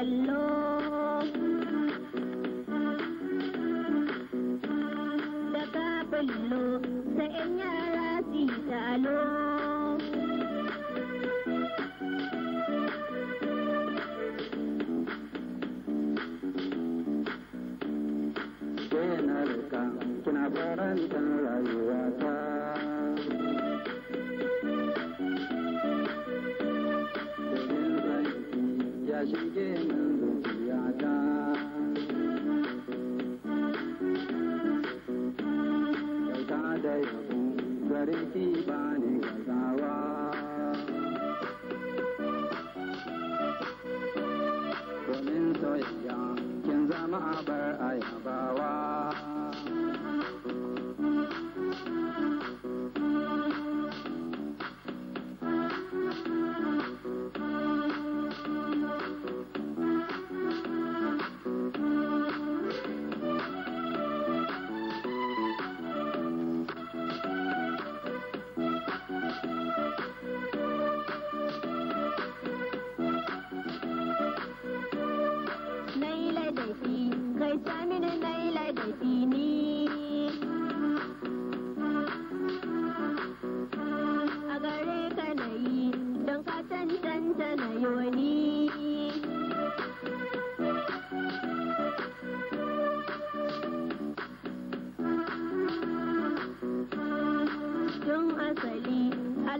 hello. Da ka ballo da 'yan yara su yi talo. Kina ka shige min zuciyata kyauta da yabo gare ki ba ni gazawa domin soyayya kin zama abar ayabawa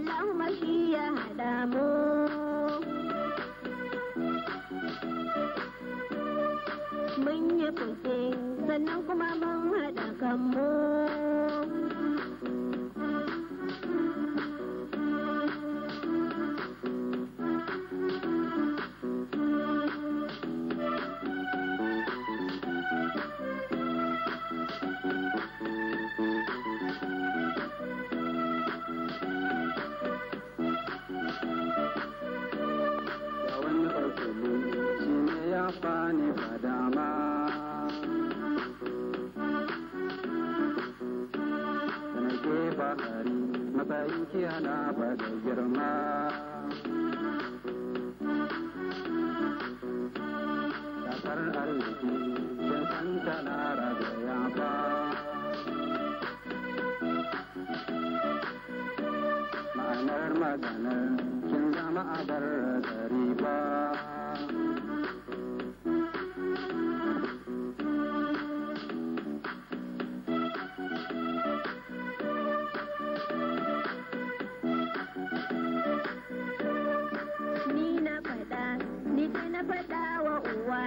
Allahumma shi ya haɗa mu. Mun yi fuke sannan kuma mun haɗa kanmu. ne ba dama sanar ke bakari matsayin kiyana ba da girma kasar arziki sun san tana ragaya ba ma'anar maganar kin zama a bar gari ba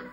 you.